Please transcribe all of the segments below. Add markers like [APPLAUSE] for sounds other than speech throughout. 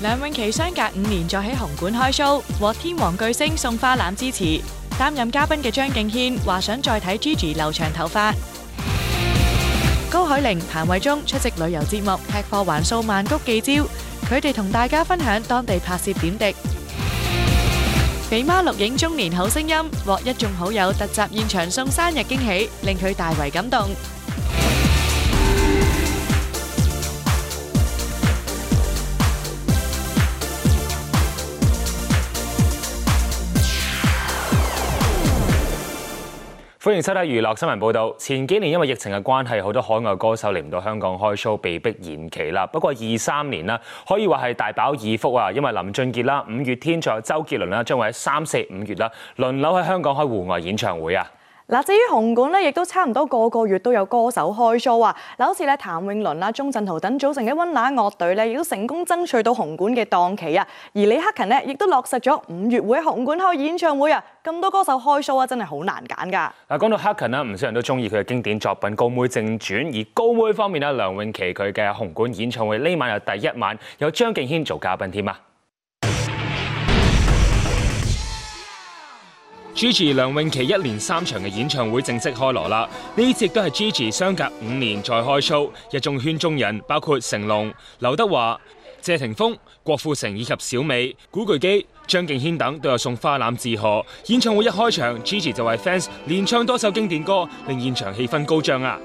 。梁詠琪相隔五年再喺紅館開歡迎收睇娛樂新聞報道。前幾年因為疫情嘅關係，好多海外歌手嚟唔到香港開 show，被迫延期啦。不過二三年啦，可以話係大飽耳福啊，因為林俊傑啦、五月天，仲有周杰倫啦，將會喺三四五月啦，輪流喺香港開戶外演唱會啊！嗱，至於紅館咧，亦都差唔多個個月都有歌手開 show 啊！嗱，好似咧譚詠麟啦、鍾鎮濤等組成嘅溫拿樂隊咧，亦都成功爭取到紅館嘅檔期啊！而李克勤呢，亦都落實咗五月會喺紅館開演唱會啊！咁多歌手開 show 啊，真係好難揀㗎。嗱，講到克勤啦，唔少人都中意佢嘅經典作品《高妹正傳》，而高妹方面啦，梁詠琪佢嘅紅館演唱會呢晚係第一晚，有張敬軒做嘉賓添啊！Gigi 梁詠琪一連三場嘅演唱會正式開鑼啦！呢次都係 Gigi 相隔五年再開 show，一眾圈中人包括成龍、劉德華、謝霆鋒、郭富城以及小美、古巨基、張敬軒等都有送花籃致賀。演唱會一開場，Gigi 就為 fans 連唱多首經典歌，令現場氣氛高漲啊！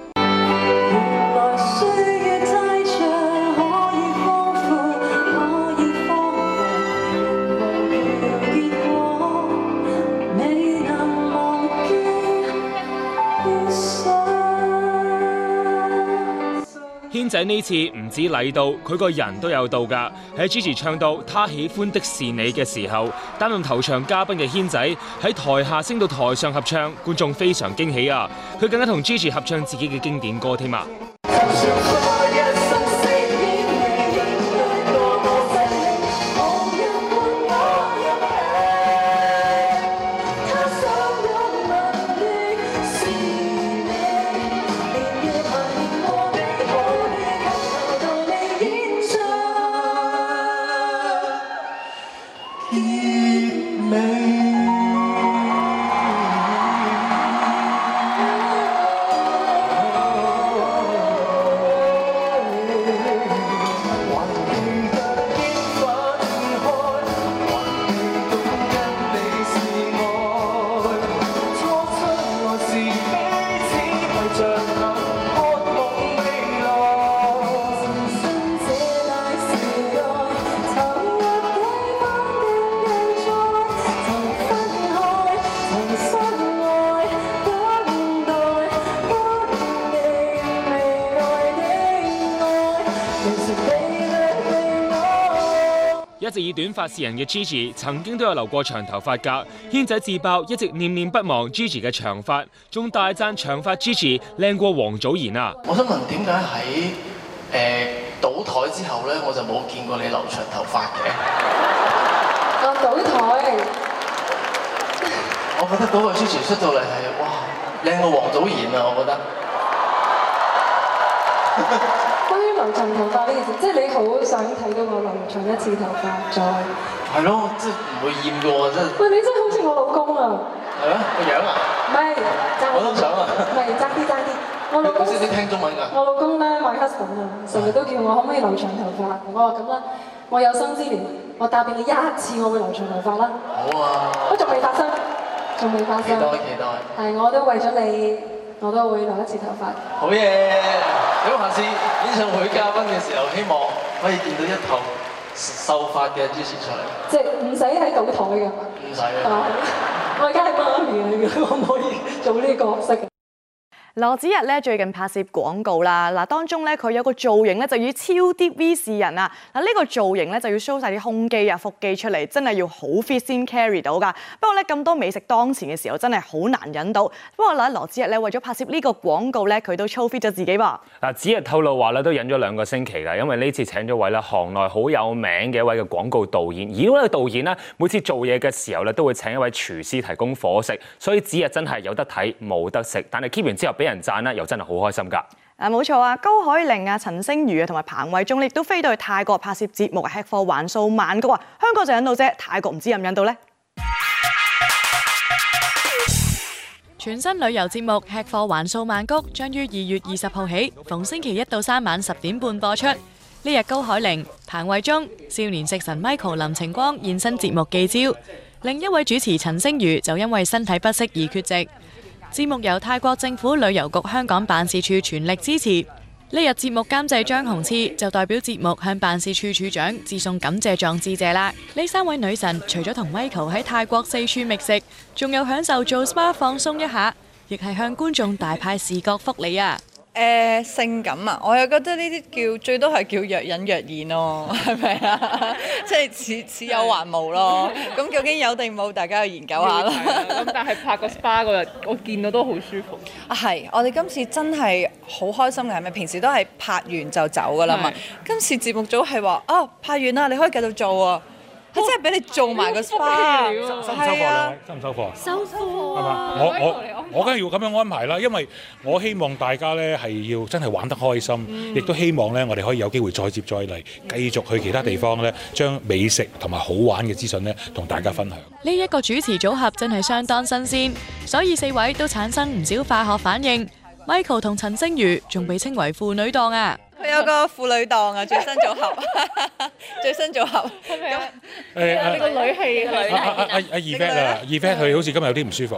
軒仔呢次唔止禮到，佢個人都有到㗎。喺 Gigi 唱到他喜歡的是你嘅時候，擔任頭場嘉賓嘅軒仔喺台下升到台上合唱，觀眾非常驚喜啊！佢更加同 Gigi 合唱自己嘅經典歌添啊！短髮示人嘅 Gigi 曾經都有留過長頭髮噶，軒仔自爆一直念念不忘 Gigi 嘅長髮，仲大讚長髮 Gigi 靚過王祖賢啊！我想問點解喺誒倒台之後咧，我就冇見過你留長頭髮嘅？ [LAUGHS] 我倒台桌。 [LAUGHS] 我覺得嗰個 Gigi 出到嚟係哇靚過王祖賢啊！我覺得。 [LAUGHS] 關於留長頭髮呢件事，即係你好想睇到我留長一次頭髮再。係咯，即係唔會厭嘅喎，即係。喂，你真係好似我老公啊！係啊？個樣啊？唔係，我都想啊！唔係，爭啲爭啲，我老公。你識唔識聽中文㗎？我老公咧，My husband 啊，成日都叫我可唔可以留長頭髮，我話咁啦，我有生之年，我答應你一次，我會留長頭髮啦。好啊！我仲未發生，仲未發生。期待期待。係，我都為咗你，我都會留一次頭髮。好嘢！如下次演唱會嘉賓嘅時候，希望可以見到一頭秀髮嘅朱時彩，即係唔使喺度台㗎，唔使啊，我而家係媽咪嚟嘅，可唔可以做呢個角色？羅子溢咧最近拍攝廣告啦，嗱當中咧佢有個造型咧就要超低 V 示人啊！嗱、這、呢個造型咧就要 show 晒啲胸肌啊腹肌出嚟，真係要好 fit 先 carry 到噶。不過咧咁多美食當前嘅時候，真係好難忍到。不過嗱，羅子溢咧為咗拍攝呢個廣告咧，佢都超 fit 咗自己噃。嗱子溢透露話咧都忍咗兩個星期啦，因為呢次請咗位咧行內好有名嘅一位嘅廣告導演，而嗰個導演咧每次做嘢嘅時候咧都會請一位廚師提供伙食，所以子溢真係有得睇冇得食，但係 keep 完之後俾。俾人讚啦，又真係好開心噶。啊，冇錯啊，高海寧啊、陳星如啊同埋彭慧忠，亦都飛到去泰國拍攝節目，吃貨環數曼谷。啊，香港就引到啫，泰國唔知道引唔引到呢？全新旅遊節目《吃貨環數曼谷》將於二月二十號起，逢星期一到三晚十點半播出。呢日高海寧、彭慧忠、少年食神 Michael 林晴光現身節目記招，另一位主持陳星如就因為身體不適而缺席。節目由泰國政府旅遊局香港辦事處全力支持。呢日節目監製張雄賜就代表節目向辦事處處長致送感謝狀致謝啦。呢三位女神除咗同威求喺泰國四處覓食，仲有享受做 spa 放鬆一下，亦係向觀眾大派視覺福利啊！誒、呃、性感啊！我又覺得呢啲叫最多係叫若隱若現咯，係咪啊？ [LAUGHS] [LAUGHS] 即係似似有還冇咯。咁 [LAUGHS] 究竟有定冇？大家去研究一下啦。咁 [LAUGHS] [LAUGHS] 但係拍個 SPA 嗰日，我見到都好舒服。啊，係！我哋今次真係好開心嘅，係咪？平時都係拍完就走㗎啦嘛的。今次節目組係話：哦、啊，拍完啦，你可以繼續做喎。佢真係俾你做埋個花，係啊！收唔收貨啊？收貨啊！我我我梗係要咁樣安排啦，因為我希望大家咧係要真係玩得開心，亦都希望咧我哋可以有機會再接再厲，繼續去其他地方咧將美食同埋好玩嘅資訊咧同大家分享。呢一個主持組合真係相當新鮮，所以四位都產生唔少化學反應。Michael 同陳星如仲被稱為父女檔啊！佢有個婦女檔啊，最新組合， [LAUGHS] [LAUGHS] 最新組合。咁，你、哎，這個啊，這個女係，啊啊啊，這個、女，阿阿阿 Eva 啦，Eva 佢好似今日有啲唔舒服，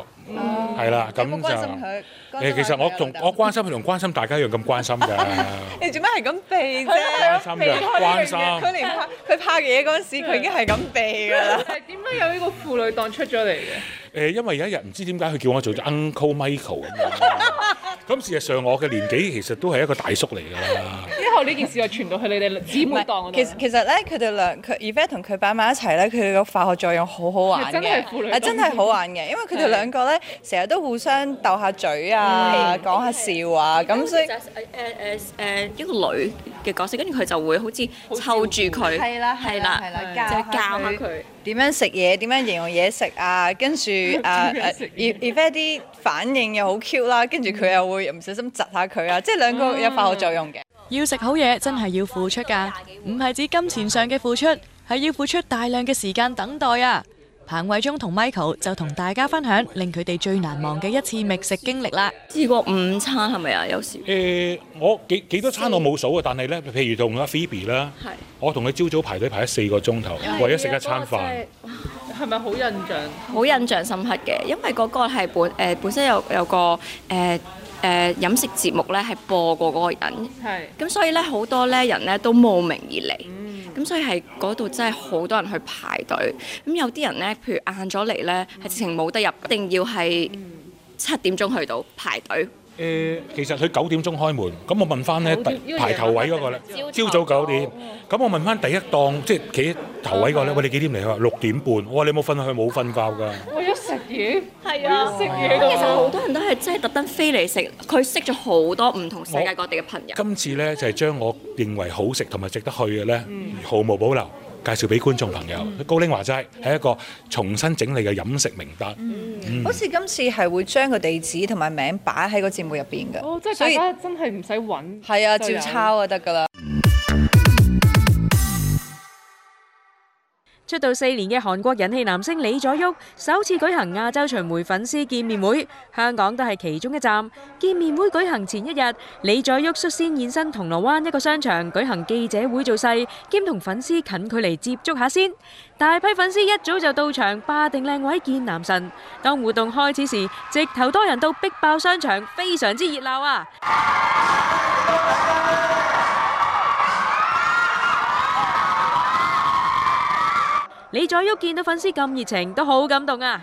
係、嗯、啦，咁就。誒、呃，其實我同我關心佢，同關心大家一樣咁關心㗎。 [LAUGHS] 你做咩係咁避啫？關心㗎，佢連拍佢拍嘢嗰陣時，佢 [LAUGHS] 已經係咁避㗎啦。點解有呢個父女檔出咗嚟嘅？誒、呃，因為有一日唔知點解佢叫我做 Uncle Michael 咁。事 [LAUGHS] 實上，我嘅年紀其實都係一個大叔嚟㗎啦。之 [LAUGHS] 後呢件事又傳到去你哋姊妹檔嗰度。其實其實咧，佢哋兩佢 e 同佢擺埋一齊咧，佢哋個化學作用好好玩嘅。真係父女檔。真係好玩嘅，因為佢哋兩個咧，成日都互相鬥下嘴啊。講、啊、下笑話，咁、就是、所以誒誒誒一個女嘅角色，跟住佢就會好似湊住佢，係、嗯、啦，係、嗯、啦，就、嗯啊啊啊啊、教下佢點樣食嘢，點樣形容嘢食啊，跟住啊，ref 啲、啊、反應又好 cute 啦，跟住佢又會唔小心窒下佢啊，即係兩個有化學作用嘅、嗯。要食好嘢真係要付出㗎，唔係指金錢上嘅付出，係要付出大量嘅時間等待啊！彭慧忠同 Michael 就同大家分享令佢哋最難忘嘅一次覓食經歷啦。試過午餐係咪啊？是是有時誒、呃，我幾幾多餐我冇數啊，但係咧，譬如同阿 Phoebe 啦，我同佢朝早排隊排咗四個鐘頭，為咗食一餐飯，係咪好印象？好印象深刻嘅，因為嗰個係本誒、呃、本身有有個誒。呃誒飲食節目咧係播過嗰個人，咁所以咧好多咧人咧都慕名而嚟，咁所以係嗰度真係好多人去排隊。咁有啲人咧，譬如晏咗嚟咧，係直情冇得入，一定要係七點鐘去到排隊。誒，其實佢九點鐘開門，咁我問翻咧排頭位嗰個咧，朝早九點，咁我問翻第一檔即係企頭位嗰個咧，喂，你幾點嚟？佢話六點半，我話你冇瞓去冇瞓覺㗎。食嘢係啊，其實好多人都係真係特登飛嚟食，佢識咗好多唔同世界各地嘅朋友。今次咧就係將我認為好食同埋值得去嘅咧，毫無保留介紹俾觀眾朋友。高凌話齋係一個重新整理嘅飲食名單。嗯，好似今次係會將個地址同埋名擺喺個節目入邊㗎。哦，即係大家真係唔使揾，係啊，照抄就得㗎啦。出道四年嘅韓國人氣男星李佐旭首次舉行亞洲巡迴粉絲見面會，香港都係其中一站。見面會舉行前一日，李佐旭率先現身銅鑼灣一個商場舉行記者會做勢，兼同粉絲近距離接觸下先。大批粉絲一早就到場霸定靚位見男神。當活動開始時，直頭多人到逼爆商場，非常之熱鬧啊！李宰旭見到粉絲咁熱情，都好感動啊！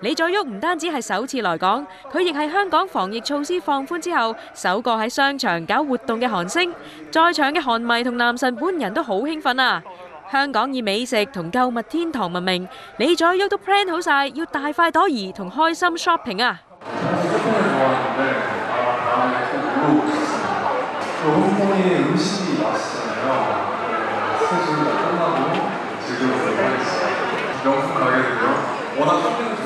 李在旭唔單止係首次來港，佢亦係香港防疫措施放寬之後，首個喺商場搞活動嘅韓星。在場嘅韓迷同男神本人都好興奮啊！香港以美食同購物天堂聞名，李在旭都 plan 好晒，要大快朵頤同開心 shopping 啊！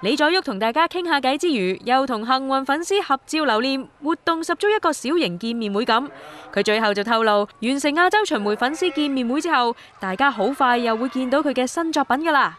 李在旭同大家傾下偈之餘，又同幸運粉絲合照留念，活動十足一個小型見面會咁。佢最後就透露，完成亞洲巡迴粉絲見面會之後，大家好快又會見到佢嘅新作品㗎啦。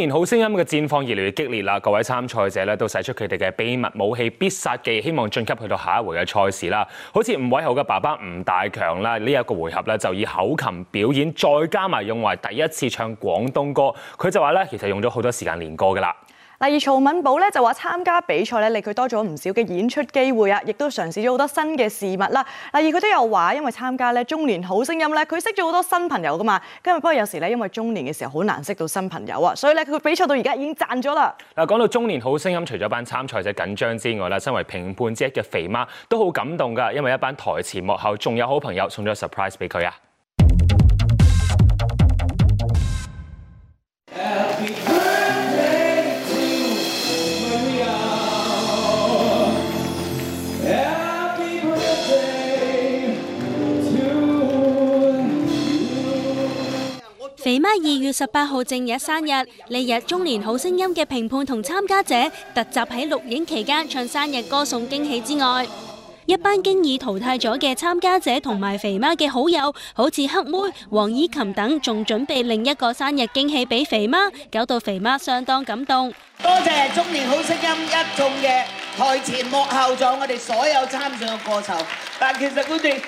年好聲音嘅戰況越來越激烈啦！各位參賽者咧都使出佢哋嘅秘密武器必殺技，希望進級去到下一回嘅賽事啦！好似吳偉豪嘅爸爸吳大強啦，呢、這、一個回合咧就以口琴表演，再加埋用嚟第一次唱廣東歌，佢就話咧其實用咗好多時間練歌㗎啦。嗱，而曹敏寶咧就話參加比賽咧令佢多咗唔少嘅演出機會啊，亦都嘗試咗好多新嘅事物啦。嗱，而佢都有話，因為參加咧中年好聲音咧，佢識咗好多新朋友噶嘛。今日不過有時咧，因為中年嘅時候好難識到新朋友啊，所以咧佢比賽到而家已經賺咗啦。嗱，講到中年好聲音，除咗班參賽者緊張之外啦，身為評判者嘅肥媽都好感動噶，因為一班台前幕後仲有好朋友送咗 surprise 俾佢啊。肥媽二月十八號正日生日，呢日《中年好聲音》嘅評判同參加者特集喺錄影期間唱生日歌送驚喜之外，一班經已淘汰咗嘅參加者同埋肥媽嘅好友，好似黑妹、黃依琴等，仲準備另一個生日驚喜俾肥媽，搞到肥媽相當感動。多謝《中年好聲音》一眾嘅台前幕後，助我哋所有參賽嘅過程，但其實我哋。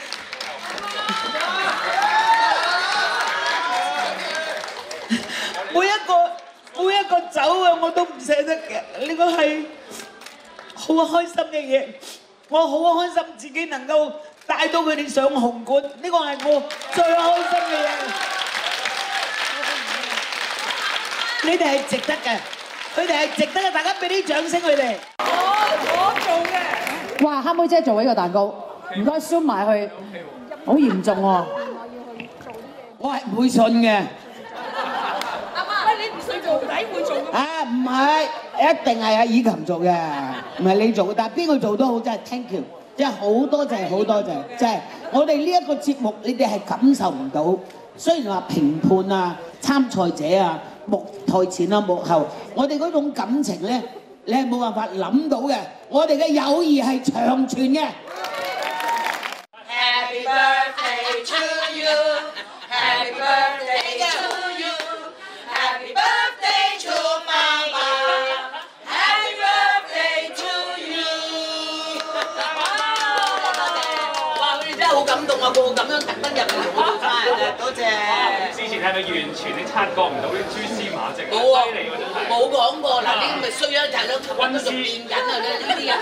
每一個每一個走嘅我都唔捨得嘅，呢個係好開心嘅嘢，我好開心自己能夠帶到佢哋上紅館，呢個係我最開心嘅嘢。你哋係值得嘅，佢哋係值得嘅，大家俾啲掌聲佢哋。我我做嘅。哇，黑妹姐做呢個蛋糕，唔該燒埋去，好嚴重喎。我係唔會信嘅。到底會做咩？啊，唔係，一定係阿以琴做嘅，唔係你做。但係邊個做都好，真係 thank you，即係好多謝，好多謝。即係我哋呢一個節目，你哋係感受唔到。雖然話評判啊、參賽者啊、幕台前啊、幕後，我哋嗰種感情咧，你係冇辦法諗到嘅。我哋嘅友誼係長存嘅。冇咁樣特登入嚟，好多謝。之前睇到完全你察覺唔到啲蛛絲馬跡？冇喎，冇講過。嗱，呢啲咪衰咗一陣都持續變緊啊！呢啲人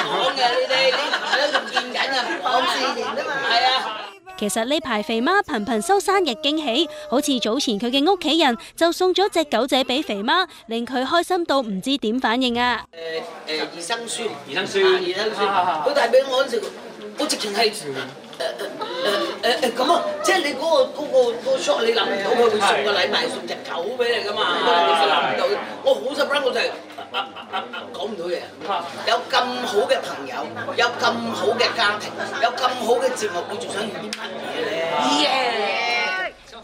講嘅呢啲，呢排都仲變緊啊，好事嚟啫嘛。係啊。其實呢排肥媽頻頻收生日驚喜，好似早前佢嘅屋企人就送咗隻狗仔俾肥媽，令佢開心到唔知點反應啊。誒誒，二生孫，二生孫，二生孫，佢帶俾我嗰時，我直情係。誒誒誒誒咁啊！即係你嗰、嗰個嗰、嗰個 shot，嗰個、你諗唔到佢會送個禮物送隻狗俾你㗎嘛？你諗唔到是的是的我，我好 surprise 我就係講唔到嘢。有咁好嘅朋友，有咁好嘅家庭，有咁好嘅節目，我仲想要啲乜嘢？Yeah.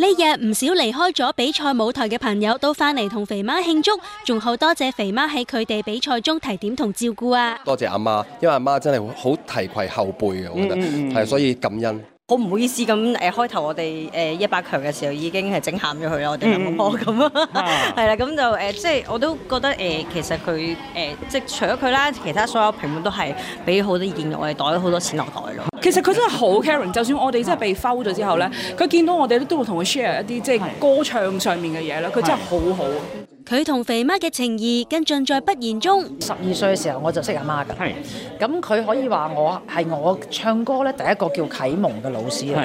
呢日唔少離開咗比賽舞台嘅朋友都返嚟同肥媽慶祝，仲好多謝肥媽喺佢哋比賽中提點同照顧啊！多謝阿媽，因為阿媽真係好提攜後輩嘅，我覺得係、mm-hmm. 所以感恩。我唔好意思咁誒，開頭、呃、我哋誒一百強嘅時候已經係整喊咗佢啦，我哋咁咯，係、嗯、啦，咁、 [LAUGHS] 嗯 [LAUGHS] 嗯嗯、 [LAUGHS] 就誒、呃，即係我都覺得誒、呃，其實佢誒、呃，即係除咗佢啦，其他所有評判都係俾好多意見我，我哋袋咗好多錢落袋咯。其實佢真係好 caring，就算我哋真係被 fail 咗之後咧，佢見到我哋咧都會同佢 share 一啲即係歌唱上面嘅嘢啦，佢真係好好。 [LAUGHS] 佢同肥媽嘅情義更盡在不言中。十二歲嘅時候我就識阿媽㗎，咁佢可以話我係我唱歌咧第一個叫啟蒙嘅老師啊。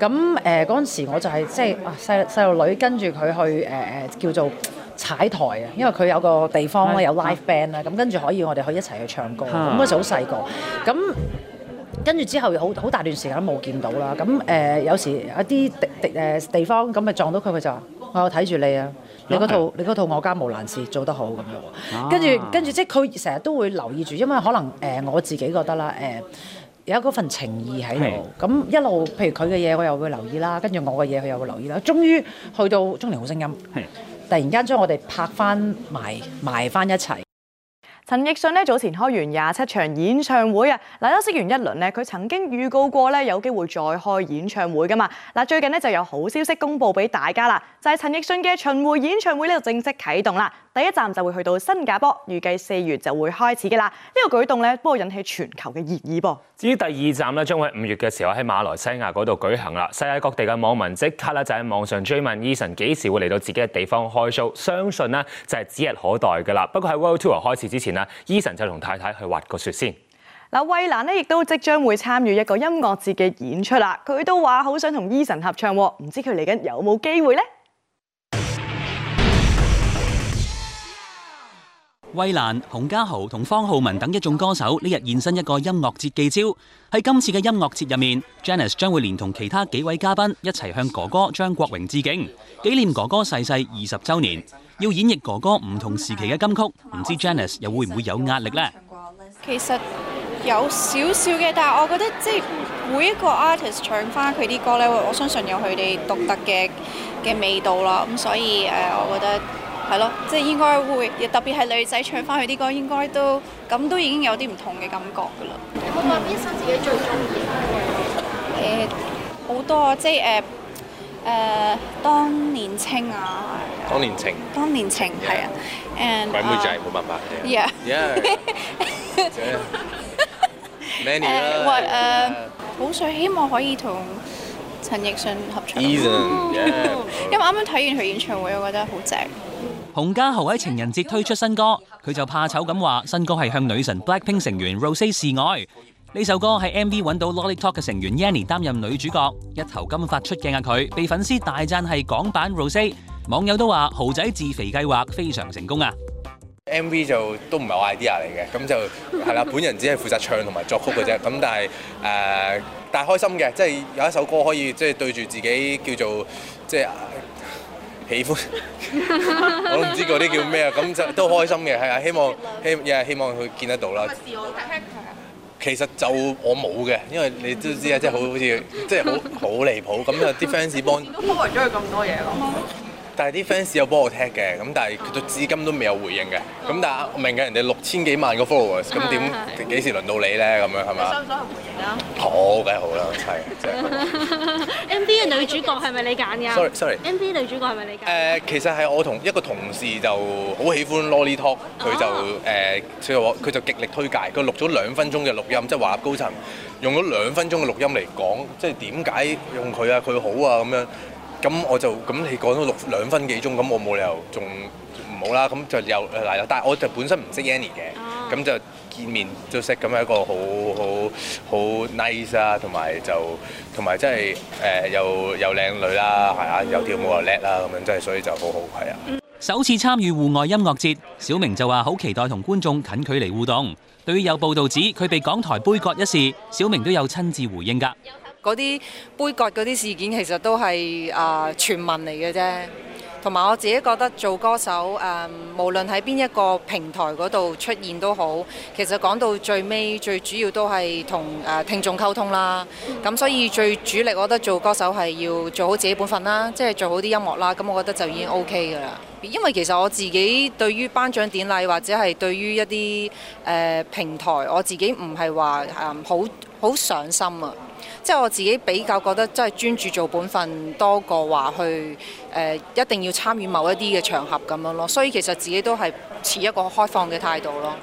咁誒嗰陣時我就係即係細細路女跟住佢去誒誒、呃、叫做踩台啊，因為佢有個地方咧有 live band 咧，咁跟住可以我哋可以一齊去唱歌。咁嗰時好細個，咁跟住之後好好大段時間都冇見到啦。咁誒、呃、有時一啲地地、呃、地方咁咪撞到佢，佢就話：我有睇住你啊！你嗰套你嗰套我家無難事做得好咁樣，啊、跟住跟住即係佢成日都會留意住，因為可能誒、呃、我自己覺得啦，誒、呃、有嗰份情誼喺度，咁一路譬如佢嘅嘢我又會留意啦，跟住我嘅嘢佢又會留意啦，終於去到中年好聲音，係突然間將我哋拍翻埋埋翻一齊。陳奕迅早前開完廿七場演唱會啊，嗱，休息完一輪，佢曾經預告過有機會再開演唱會㗎嘛，最近就有好消息公布畀大家，就係、是、陳奕迅嘅巡迴演唱會正式啟動啦。第一站就會去到新加坡，預計四月就會開始嘅啦。呢個舉動咧，不過引起全球嘅熱議噃。至於第二站咧，將會喺五月嘅時候喺馬來西亞嗰度舉行啦。世界各地嘅網民即刻咧就喺網上追問 Eason 幾時會嚟到自己嘅地方開 show，相信呢就係指日可待嘅啦。不過喺 World Tour 開始之前啊，Eason 就同太太去滑個雪先。嗱，衛蘭咧亦都即將會參與一個音樂節嘅演出啦。佢都話好想同 Eason 合唱，唔知佢嚟緊有冇機會呢？衛蘭、洪嘉豪同方浩文等一眾歌手呢日現身一個音樂節記招，喺今次嘅音樂節入面，Janice 將會連同其他幾位嘉賓一齊向哥哥張國榮致敬，紀念哥哥逝世二十周年，要演繹哥哥唔同時期嘅金曲。唔知 Janice 又會唔會有壓力呢？其實有少少嘅，但係我覺得即係每一個 artist 唱翻佢啲歌呢，我相信有佢哋獨特嘅嘅味道囉。咁所以誒，我覺得。係咯，即係應該會，特別係女仔唱翻佢啲歌，應該都咁都已經有啲唔同嘅感覺㗎啦。有冇話邊首自己最中意嘅歌？誒、嗯、好多啊，即係誒誒當年情啊。當年情，當年情，係、yeah. 啊，誒、uh, yeah。鬼妹仔冇辦法嘅。係啊。係啊。哈哈哈。man 好想希望可以同陳奕迅合唱，因為啱啱睇完佢演唱會，我覺得好正。洪家豪喺情人節推出新歌，佢就怕醜咁話，新歌係向女神 BLACKPINK 成員 Rose 示愛。呢首歌係 MV 揾到 Lolly Talk 嘅成員 Yanny 擔任女主角，一頭金髮出鏡嘅佢，被粉絲大讚係港版 Rose，網友都話豪仔自肥計劃非常成功啊！MV 就都唔係我 idea 嚟嘅，咁就係啦。本人只係負責唱同埋作曲嘅啫。咁但係誒、呃，但係開心嘅，即係有一首歌可以，即係對住自己叫做即係、啊、喜歡。 [LAUGHS] 我都唔知嗰啲叫咩，咁就都開心嘅。係啊，希望希希望佢見得到啦。其實就我冇嘅，因為你都知啊，即 [LAUGHS] 係好好似即係好好離譜。咁、就、啊、是，啲 fans 幫都幫完咗佢咁多嘢咯。但係啲 fans 有幫我踢嘅，咁但係佢都至今都未有回應嘅，咁、哦、但係我明嘅人哋六千幾萬個 followers，咁點幾時輪到你咧？咁樣係咪？伸手去回應啦！好梗係，好啦，真 [LAUGHS] 係。M V 嘅女主角係咪你揀㗎？Sorry，sorry。Sorry, sorry M V 女主角係咪你揀？誒、呃，其實係我同一個同事就好喜歡 Lolly Talk，佢就誒，所以我佢就極力推介。佢錄咗兩分鐘嘅錄音，即、就、係、是、華納高層用咗兩分鐘嘅錄音嚟講，即係點解用佢啊？佢好啊咁樣。咁我就咁你講咗六兩分幾鐘，咁我冇理由仲唔好啦。咁就又嗱，但我就本身唔識 Annie 嘅，咁就見面就識，咁係一個好好好 nice、就是呃、啊，同埋就同埋真係誒又又靚女啦，係啊，又跳舞又叻啦，咁樣真係所以就好好係啊。首次參與戶外音樂節，小明就話好期待同觀眾近距離互動。對於有報導指佢被港台杯葛一事，小明都有親自回應㗎。嗰啲杯葛嗰啲事件，其實都係啊傳聞嚟嘅啫。同埋我自己覺得做歌手誒，無論喺邊一個平台嗰度出現都好，其實講到最尾，最主要都係同誒聽眾溝通啦。咁所以最主力，我覺得做歌手係要做好自己本分啦，即係做好啲音樂啦。咁我覺得就已經 O K 噶啦。因為其實我自己對於頒獎典禮或者係對於一啲誒平台，我自己唔係話誒好好上心啊。即係我自己比較覺得，即專注做本份多過話去、呃、一定要參與某一啲嘅場合咁樣咯。所以其實自己都係持一個開放嘅態度咯。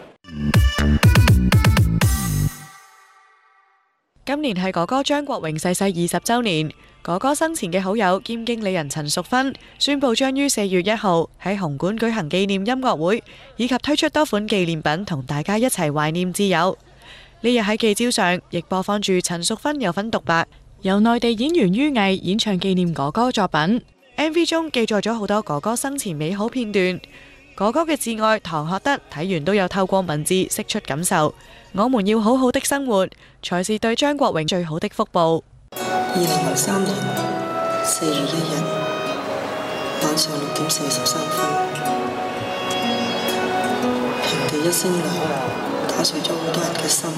今年係哥哥張國榮逝世二十週年，哥哥生前嘅好友兼經理人陳淑芬宣佈將於四月一號喺紅館舉行紀念音樂會，以及推出多款紀念品，同大家一齊懷念摯友。呢日喺《記招》上亦播放住陳淑芬有份獨白，由內地演員于毅演唱紀念哥哥作品。MV 中記載咗好多哥哥生前美好片段。哥哥嘅摯愛唐鶴德睇完都有透過文字釋出感受。我們要好好的生活，才是對張國榮最好的福報。二零零三年四月一日晚上六點四十三分，平地一聲嘩。打碎咗好多人嘅心。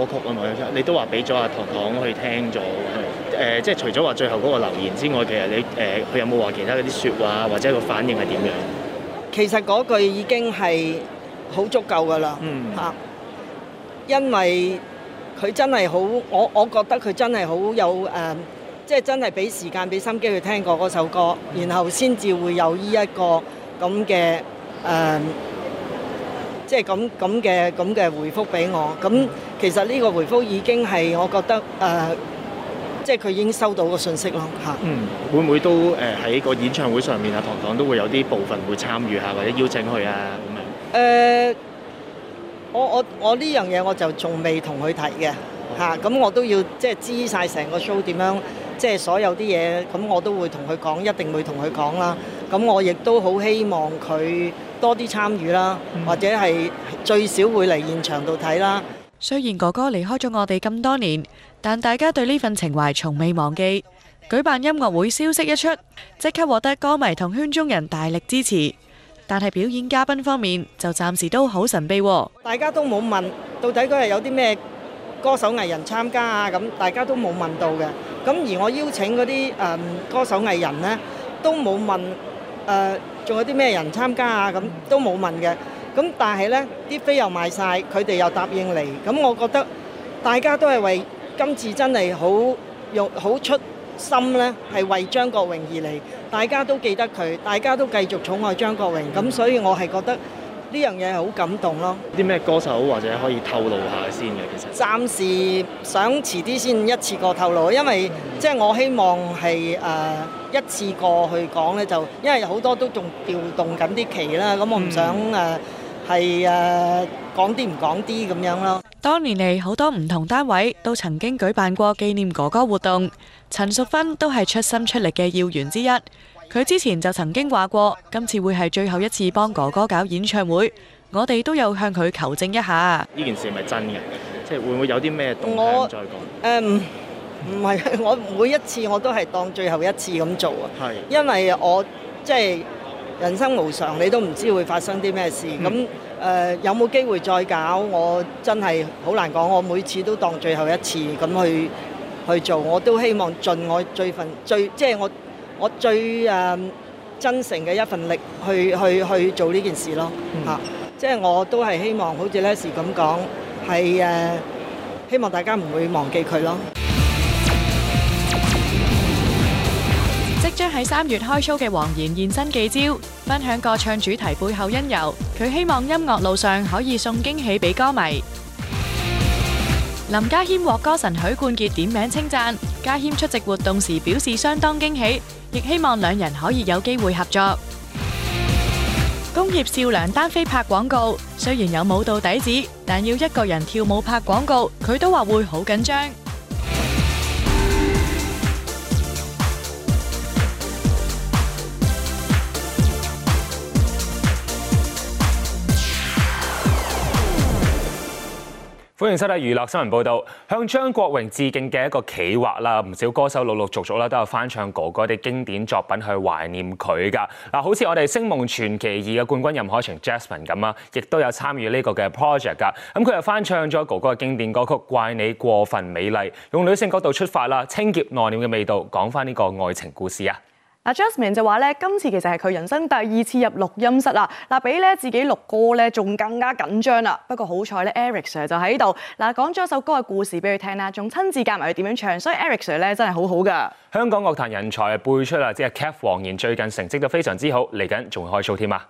歌曲啊嘛，你都話俾咗阿糖糖去聽咗，誒，即係除咗話最後嗰個留言之外，其實你誒，佢有冇話其他嗰啲說話或者個反應係點樣？其實嗰句已經係好足夠噶啦，嗯、因為佢真係好，我我覺得佢真係好有即係、嗯即係、真係俾時間、俾心機去聽過嗰首歌，然後先至會有呢、呢、一個咁嘅即係咁咁嘅咁嘅回覆俾我，咁其實呢個回覆已經係我覺得誒，即係佢已經收到個信息咯，嚇。嗯，會唔會都誒喺個演唱會上面啊？唐唐都會有啲部分會參與下，或者邀請佢啊咁樣。誒，我我我呢樣嘢我就仲未同佢提嘅，嚇。咁我都要即係知晒成個 show 點樣，即係所有啲嘢，咁我都會同佢講，一定會同佢講啦。咁我亦都好希望佢。多啲參與啦，或者係最少會嚟現場度睇啦。雖然哥哥離開咗我哋咁多年，但大家對呢份情懷從未忘記。舉辦音樂會消息一出，即刻獲得歌迷同圈中人大力支持。但係表演嘉賓方面，就暫時都好神秘喎。大家都冇問到底佢係有啲咩歌手藝人參加啊？咁大家都冇問到嘅。咁而我邀請嗰啲誒歌手藝人呢，都冇問誒。呃仲有啲咩人參加啊？咁都冇問嘅。咁但係呢，啲飛又賣晒，佢哋又答應嚟。咁我覺得大家都係為今次真係好用好出心呢，係為張國榮而嚟。大家都記得佢，大家都繼續寵愛張國榮。咁所以我係覺得。呢樣嘢係好感動咯！啲咩歌手或者可以透露下先嘅？其實暫時想遲啲先一次過透露，因為即係我希望係誒一次過去講咧，就因為好多都仲調動緊啲期啦，咁我唔想誒係誒講啲唔講啲咁樣咯。當年嚟，好多唔同單位都曾經舉辦過紀念哥哥活動，陳淑芬都係出心出力嘅要員之一。佢之前就曾經話過，今次會係最後一次幫哥哥搞演唱會。我哋都有向佢求證一下，呢件事係咪真嘅？即係會唔會有啲咩我誒唔唔係，我每一次我都係當最後一次咁做啊。因為我即係、就是、人生無常，你都唔知道會發生啲咩事。咁、嗯、誒、呃、有冇機會再搞？我真係好難講。我每次都當最後一次咁去去做，我都希望盡我最份最即、就是、我。我最誒真誠嘅一份力去去去做呢件事咯，嚇！即係我都係希望好似 Les 咁講，係誒希望大家唔會忘記佢咯。即將喺三月開 show 嘅黃妍現身記招，分享個唱主題背後因由。佢希望音樂路上可以送驚喜俾歌迷。林家謙獲歌神許冠傑點名稱讚，家謙出席活動時表示相當驚喜。亦希望兩人可以有機會合作。工業少良單飛拍廣告，雖然有舞蹈底子，但要一個人跳舞拍廣告，佢都話會好緊張。歡迎收睇娛樂新聞報道，向張國榮致敬嘅一個企劃啦，唔少歌手陸陸續續啦都有翻唱哥哥啲經典作品去懷念佢噶。嗱，好似我哋星夢傳奇二嘅冠軍任可晴 Jasmine 咁亦都有參與呢個嘅 project 噶。咁佢又翻唱咗哥哥嘅經典歌曲《怪你過分美麗》，用女性角度出發啦，清潔內斂嘅味道，講翻呢個愛情故事啊！嗱，Jasmine 就話咧，今次其實係佢人生第二次入錄音室啦。嗱，比咧自己錄歌咧，仲更加緊張啦。不過好彩咧，Eric Sir 就喺度嗱，講咗一首歌嘅故事俾佢聽啦，仲親自夾埋佢點樣唱，所以 Eric Sir 咧真係好好噶。香港樂壇人才輩出啦，即係 Cath 黃妍最近成績都非常之好，嚟緊仲會開 show 添啊！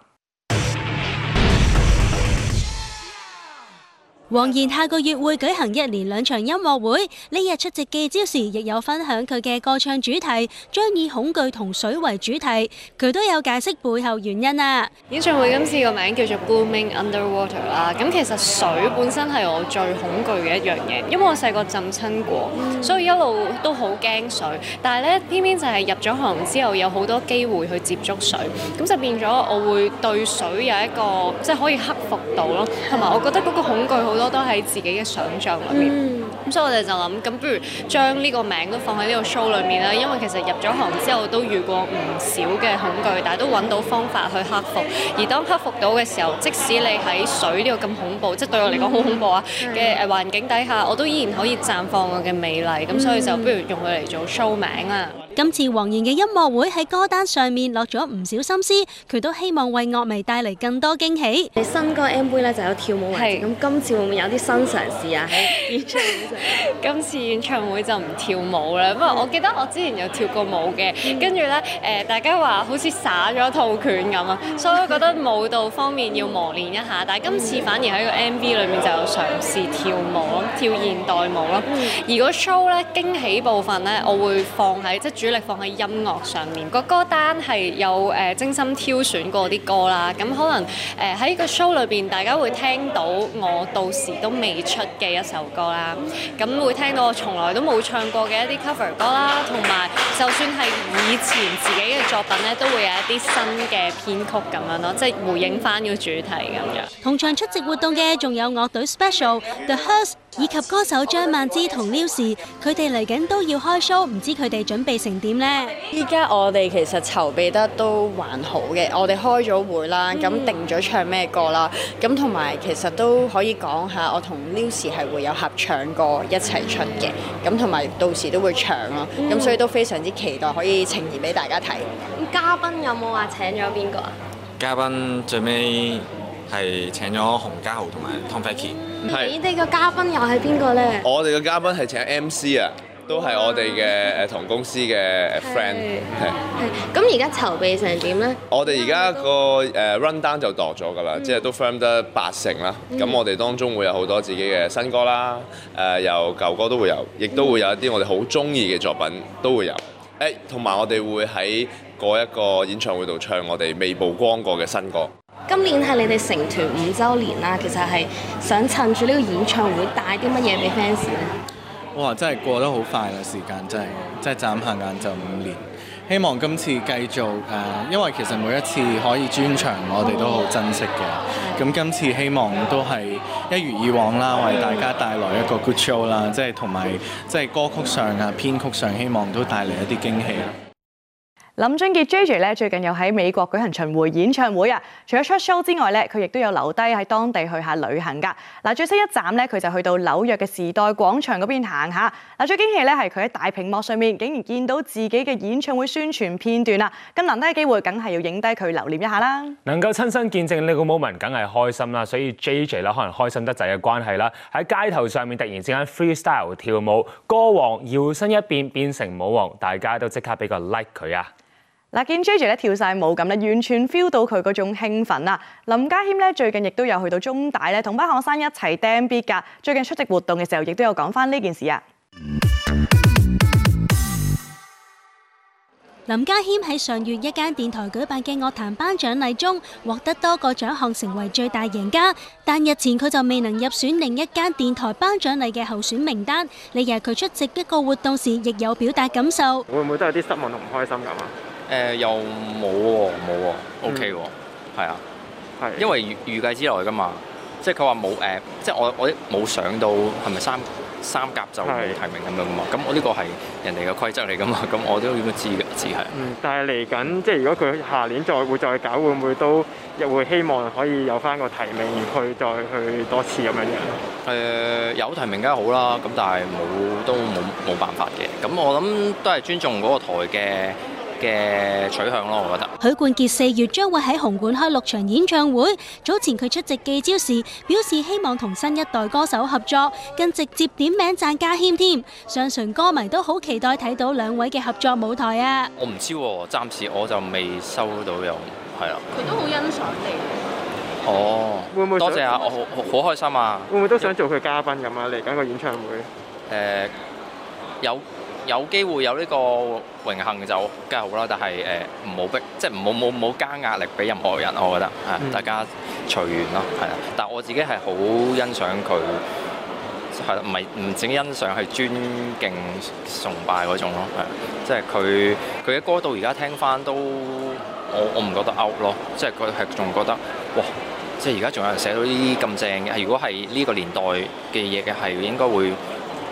王妍下個月會舉行一年兩場音樂會，呢日出席記招時亦有分享佢嘅歌唱主題，將以恐懼同水為主題，佢都有解釋背後原因啊。演唱會今次個名叫做 Blooming Underwater 啦，咁其實水本身係我最恐懼嘅一樣嘢，因為我細個浸親過，所以一路都好驚水，但係呢，偏偏就係入咗行之後有好多機會去接觸水，咁就變咗我會對水有一個，即係可以克服到囉，同埋我覺得嗰個恐懼好多都喺自己嘅想象裏面，咁、嗯、所以我哋就諗，咁不如將呢個名字都放喺呢個 show 裏面啦。因為其實入咗行之後都遇過唔少嘅恐懼，但係都揾到方法去克服。而當克服到嘅時候，即使你喺水呢個咁恐怖，即、就、係、是、對我嚟講好恐怖啊嘅環境底下，我都依然可以綻放我嘅美麗。咁所以就不如用佢嚟做 show 名啦。今、嗯、次黃妍嘅音樂會喺歌單上面落咗唔少心思，佢都希望為樂迷帶嚟更多驚喜。你新歌 M V 呢就是、有跳舞環節，咁今次。有啲新嘗試啊喺演唱會。 [LAUGHS] 今次演唱會就唔跳舞啦。不過我記得我之前有跳過舞嘅，嗯、跟住咧，誒大家話好似耍咗套拳咁啊，嗯、所以我覺得舞蹈方面要磨練一下。嗯、但係今次反而喺個 MV 裏面就有嘗試跳舞咯，跳現代舞咯。嗯、而個 show 咧，驚喜部分咧，我會放喺即係主力放喺音樂上面。個歌單係有誒、呃、精心挑選過啲歌啦。咁可能誒喺、呃、個 show 裏邊，大家會聽到我到。時都未出嘅一首歌啦，咁會聽到從來都冇唱過嘅一啲 cover 歌啦，同埋就算係以前自己嘅作品咧，都會有一啲新嘅編曲咁樣咯，即係回應翻呢個主題咁樣，同場出席活動嘅仲有樂隊 Special、okay. The House. 以及歌手張曼芝同 Lius，佢哋嚟緊都要開 show，唔知佢哋準備成點呢？依家我哋其實籌備得都還好嘅，我哋開咗會啦，咁、嗯、定咗唱咩歌啦，咁同埋其實都可以講下，我同 Lius 係會有合唱歌一齊出嘅，咁同埋到時都會唱咯，咁所以都非常之期待可以呈現俾大家睇。咁、嗯、嘉賓有冇話請咗邊個啊？嘉賓最尾係請咗洪嘉豪同埋 Tomfatki 你哋嘅嘉賓又係邊個呢？我哋嘅嘉賓係請 MC 啊，都係我哋嘅同公司嘅 friend。咁，而家籌備成點呢？我哋而家個誒 run down 就度咗噶啦，即係都 firm 得八成啦。咁、嗯、我哋當中會有好多自己嘅新歌啦，誒、呃、有舊歌都會有，亦都會有一啲我哋好中意嘅作品都會有。誒同埋我哋會喺嗰一個演唱會度唱我哋未曝光過嘅新歌。今年係你哋成團五週年啦，其實係想趁住呢個演唱會帶啲乜嘢俾 fans 呢？哇！真係過得好快啊，時間真係真係眨下眼就五年。希望今次繼續、啊、因為其實每一次可以專場，我哋都好珍惜嘅。咁、oh yeah. 今次希望都係一如以往啦，為大家帶來一個 good show 啦，即係同埋即係歌曲上啊、編曲上，希望都帶嚟一啲驚喜。林俊傑 JJ 咧最近又喺美國舉行巡迴演唱會啊！除咗出 show 之外咧，佢亦都有留低喺當地去下旅行噶。嗱，最新一站咧，佢就去到紐約嘅時代廣場嗰邊行下。嗱，最驚喜咧係佢喺大屏幕上面竟然見到自己嘅演唱會宣傳片段啦！咁難得嘅機會，梗係要影低佢留念一下啦。能夠親身見證呢個 moment，梗係開心啦。所以 JJ 啦，可能開心得滯嘅關係啦，喺街頭上面突然之間 freestyle 跳舞，歌王搖身一變變成舞王，大家都即刻俾個 like 佢啊！嗱，見 J J 跳晒舞咁咧，完全 feel 到佢嗰種興奮啦。林家謙咧最近亦都有去到中大咧，同班學生一齊 dem beat 噶。最近出席活動嘅時候，亦都有講翻呢件事啊。林家謙喺上月一間電台舉辦嘅樂壇頒獎禮中，獲得多個獎項，成為最大贏家。但日前佢就未能入選另一間電台頒獎禮嘅候選名單。呢日佢出席一個活動時，亦有表達感受，會唔會都有啲失望同唔開心咁啊？誒、呃、又冇喎，冇喎，OK 喎，係啊，係、啊 OK 啊嗯啊，因為預預計之內噶嘛，即係佢話冇誒，即係我我冇想到係咪三三甲就提名咁樣嘛，咁我呢個係人哋嘅規則嚟噶嘛，咁我都應該知嘅，只係、嗯。但係嚟緊，即、就、係、是、如果佢下年再會再搞，會唔會都又會希望可以有翻個提名去再去多次咁樣樣？誒、嗯呃、有提名梗係好啦，咁但係冇都冇冇辦法嘅，咁我諗都係尊重嗰個台嘅。嘅取向咯，我覺得。許冠傑四月將會喺紅館開六場演唱會。早前佢出席記招時表示，希望同新一代歌手合作，更直接點名讚家謙添。相信歌迷都好期待睇到兩位嘅合作舞台啊！我唔知喎、啊，暫時我就未收到有，係啊。佢都好欣賞你。哦，會唔會多謝啊？我好好開心啊！會唔會都想做佢嘉賓咁啊？嚟緊個演唱會，誒、呃、有。有機會有呢個榮幸就梗係好啦，但係誒唔好逼，即係唔好唔好加壓力俾任何人，我覺得啊、嗯，大家隨緣咯，係啊。但係我自己係好欣賞佢，係啦，唔係唔整欣賞，係尊敬崇拜嗰種咯，係。即係佢佢嘅歌到而家聽翻都，我我唔覺得 out 咯，即係佢係仲覺得哇，即係而家仲有人寫到啲咁正嘅，如果係呢個年代嘅嘢嘅，係應該會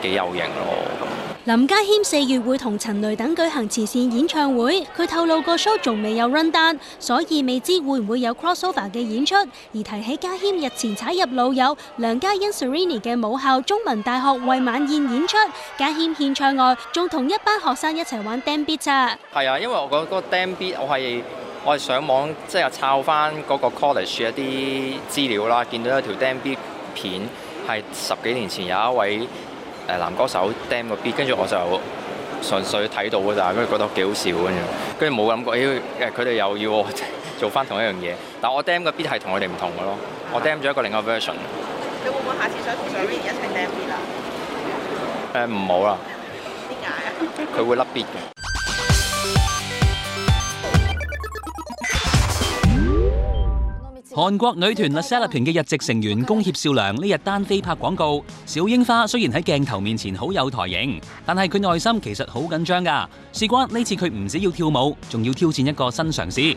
幾有型咯。林家謙四月會同陳蕾等舉行慈善演唱會，佢透露個 show 仲未有 run down，所以未知會唔會有 crossover 嘅演出。而提起家謙日前踩入老友梁嘉茵 Serrini 嘅母校中文大學為晚宴演出，家謙獻唱外，仲同一班學生一齊玩 dem beat 啫。係啊，因為個我嗰 dem beat 我係我係上網即係抄翻嗰個 college 的一啲資料啦，見到有條 dem beat 片係十幾年前有一位。誒男歌手 DAM 個 B，跟住我就純粹睇到㗎咋，跟住覺得幾好笑，跟住跟住冇感覺，誒佢哋又要我做翻同一樣嘢，但係我 DAM 個 B 係同佢哋唔同嘅咯，我 DAM 咗一個另外 version。你會唔會下次想同小 V 一齊 DAM B 啦？誒、呃、唔好啦。點解啊？佢會甩 B 嘅。韓國女團 LE SSERAFIM 嘅日籍成員宮脇咲良呢日單飛拍廣告。小櫻花雖然喺鏡頭面前好有台型，但係佢內心其實好緊張㗎。事關呢次佢唔止要跳舞，仲要挑戰一個新嘗試。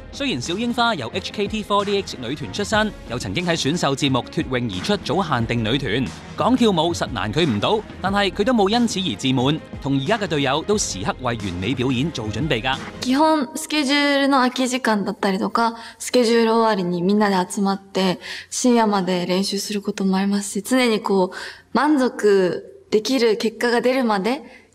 雖然小櫻花由 HKT48 女團出身，又曾經喺選秀節目脫穎而出早限定女團。講跳舞，實難佢唔到，但係佢都冇因此而自滿，同而家嘅隊友都時刻為完美表演做準備㗎。基本，スケジュールの空き時間だったりとか、スケジュール終わりにみんなで集まって、深夜まで練習することもありますし、常にこう、満足できる結果が出るまで、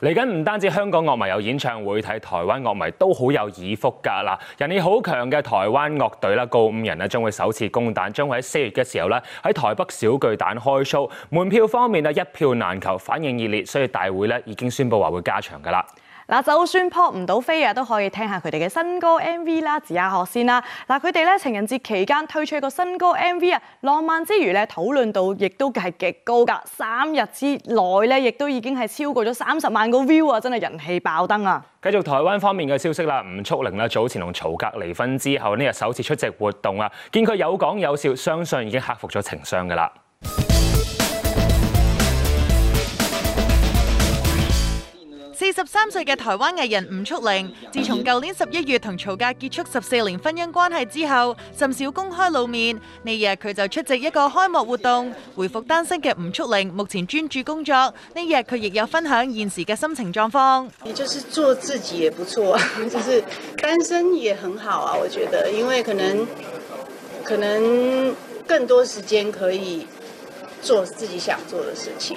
嚟緊唔單止香港樂迷有演唱會睇，看台灣樂迷都好有耳福㗎啦！人氣好強嘅台灣樂隊啦，告五人咧將會首次攻蛋，將會喺四月嘅時候咧喺台北小巨蛋開 show，門票方面一票難求，反應熱烈，所以大會咧已經宣布話會加場㗎喇。嗱，就算撲唔到飛啊，都可以聽下佢哋嘅新歌 MV 啦，止吓渴先啦。嗱，佢哋咧情人節期間推出一個新歌 MV 啊，浪漫之餘咧討論度亦都係極高噶，三日之內咧亦都已經係超過咗三十萬個 view 啊，真係人氣爆燈啊！繼續台灣方面嘅消息啦，吳速玲啦，早前同曹格離婚之後，呢日首次出席活動啊，見佢有講有笑，相信已經克服咗情傷噶啦。四十三歲嘅台灣藝人吳速玲，自從舊年十一月同曹格結束十四年婚姻關係之後，甚少公開露面。呢日佢就出席一個開幕活動，回復單身嘅吳速玲目前專注工作。呢日佢亦有分享現時嘅心情狀況。你就是做自己也不錯，就是單身也很好啊，我覺得，因為可能可能更多時間可以做自己想做的事情。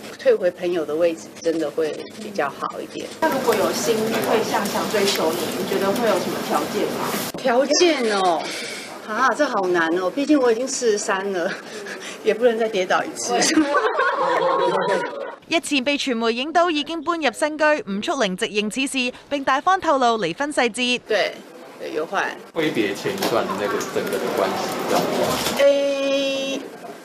退回朋友的位置，真的會比較好一點。那、嗯、如果有新對象想追求你，你覺得會有什麼條件嗎？條件哦，啊，這好難哦，畢竟我已經四十三了，也不能再跌倒一次。日 [LAUGHS] [LAUGHS] [LAUGHS] 前被傳媒影到已經搬入新居，吳淑玲直認此事，並大方透露離婚細節。對，對有快。揮別前一段那個整個關係。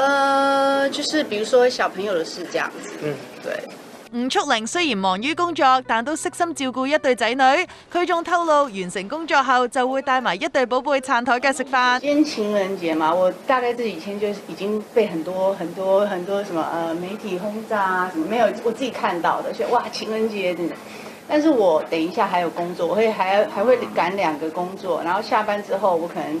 呃，就是，比如說小朋友的事，這樣子。嗯，對。吳卓玲雖然忙於工作，但都悉心照顧一對仔女。佢仲透露，完成工作後就會帶埋一對寶貝撐台腳食飯。先情人節嘛，我大概自以前就已經被很多很多很多什麼呃媒體轟炸啊，什麼沒有我自己看到的，所以哇情人節，真的。但是我等一下還有工作，我會還還會趕兩個工作，然後下班之後我可能。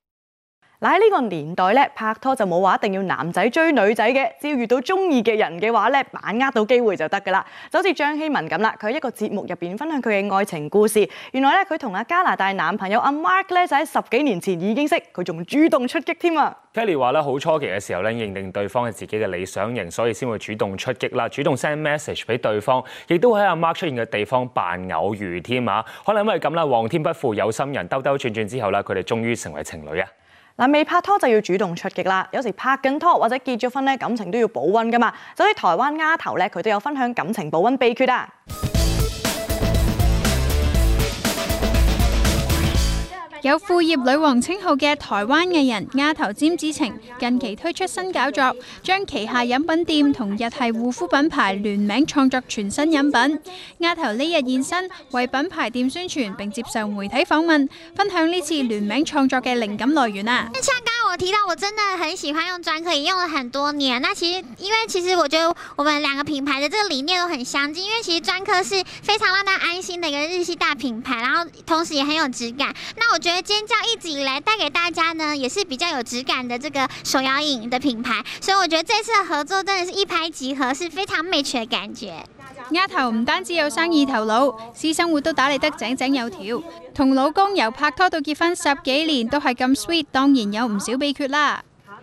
嗱喺呢個年代咧，拍拖就冇話一定要男仔追女仔嘅，只要遇到中意嘅人嘅話咧，把握到機會就得噶啦。就好似張希文咁啦，佢喺一個節目入邊分享佢嘅愛情故事，原來咧佢同阿加拿大男朋友阿 Mark 咧就喺十幾年前已經識，佢仲主動出擊添啊！Kelly 話咧，好初期嘅時候咧，認定對方係自己嘅理想型，所以先會主動出擊啦，主動 send message 俾對方，亦都喺阿 Mark 出現嘅地方扮偶遇添啊！可能因為咁啦，皇天不負有心人，兜兜轉轉轉之後咧，佢哋終於成為情侶啊！未拍拖就要主動出擊啦！有時拍緊拖或者結咗婚，感情都要保溫㗎嘛。所以台灣丫頭，咧，佢都有分享感情保溫秘訣啊！有副業女王稱號嘅台灣藝人丫頭詹子晴，近期推出新搞作，將旗下飲品店同日系護膚品牌聯名創作全新飲品。丫頭呢日現身為品牌店宣傳並接受媒體訪問，分享呢次聯名創作嘅靈感來源啊，像剛剛我提到，我真的很喜歡用專科，也用了很多年。那其實因為其實我覺得我們兩個品牌的這個理念都很相近，因為其實專科是非常讓大家安心嘅一個日系大品牌，然後同時也很有質感。那我覺覺得尖叫一直以來帶給大家呢，也是比較有質感的這個手搖影的品牌，所以我覺得這次的合作真的是一拍即合，是非常 match 的感覺。丫頭唔單止有生意頭腦，私生活都打理得井井有條，同老公由拍拖到結婚十幾年都係咁 sweet，當然有唔少秘訣啦。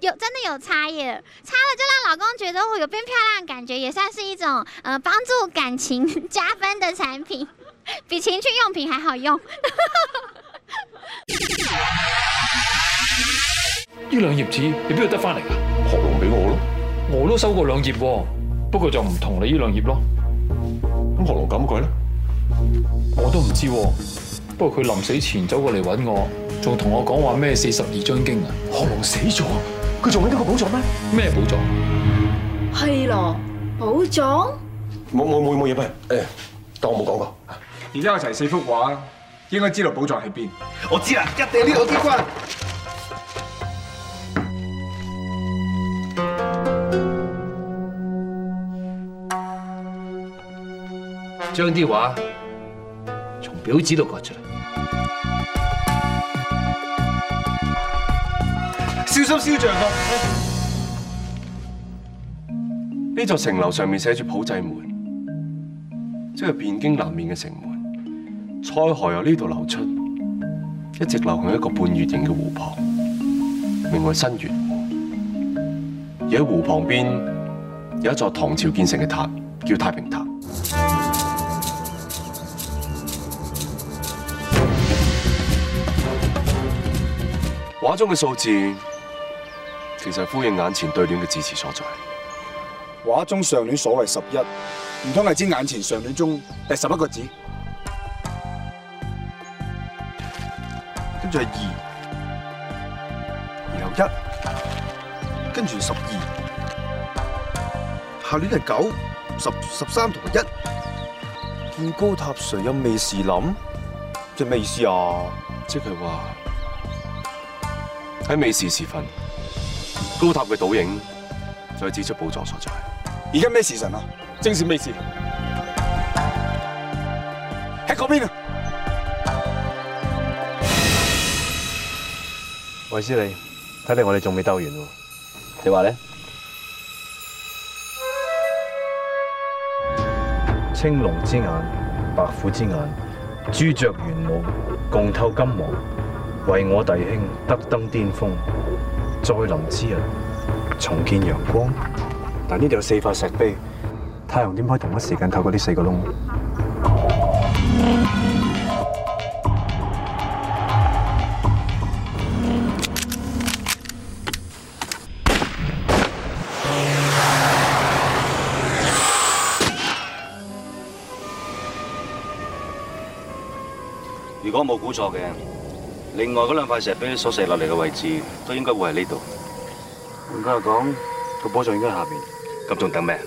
有真的有差耶，啊，差了就讓老公覺得我有變漂亮嘅感覺，也算是一種呃幫助感情呵呵加分的產品，比情趣用品還好用。呢兩頁紙你邊度得翻嚟噶？學龍俾我咯，我都收過兩頁，不過就唔同你呢兩頁咯。咁學龍搞乜鬼咧？我都唔知道，不過佢臨死前走過嚟揾我，仲同我講話咩四十二章經啊？學龍死咗。佢仲搵到個寶藏咩？咩寶藏？係咯，寶藏。冇冇冇，冇嘢咩？誒，當我冇講過。而家有齊四幅畫，應該知道寶藏喺邊。我知啦，一定喺呢度機關。將啲畫從裱紙度割出嚟。小心肖像啊！呢座城樓上面寫住普濟門，即係汴京南面嘅城門。蔡河由呢度流出，一直流向一個半月形嘅湖旁，名為新月湖。而喺湖旁邊有一座唐朝建成嘅塔，叫太平塔。畫中嘅數字。其實是呼應眼前對聯嘅字詞所在。畫中上聯所謂十一，唔通係指眼前上聯中第十一個字？跟住係二，然後一，跟住十二，下聯係九、十、十三同埋一。見高塔，上有未時諗？即係咩意思啊？即係話喺未時時分。高塔嘅倒影，就係指出寶藏所在。而家咩時辰啊？正是咩時。喺嗰邊啊！衛斯理，睇嚟，我哋仲未兜完喎。你話咧？青龍之眼，白虎之眼，朱雀玄武，共透金毛，為我弟兄得登巔峰。再臨林芝啊！重見陽光，但呢度有四塊石碑，太陽點可以同一時間透過呢四個窿？如果冇估錯嘅。另外嗰兩塊石碑所石落嚟嘅位置，都應該會喺呢度。換句話說，個寶藏應該喺下面那還麼。咁仲等咩？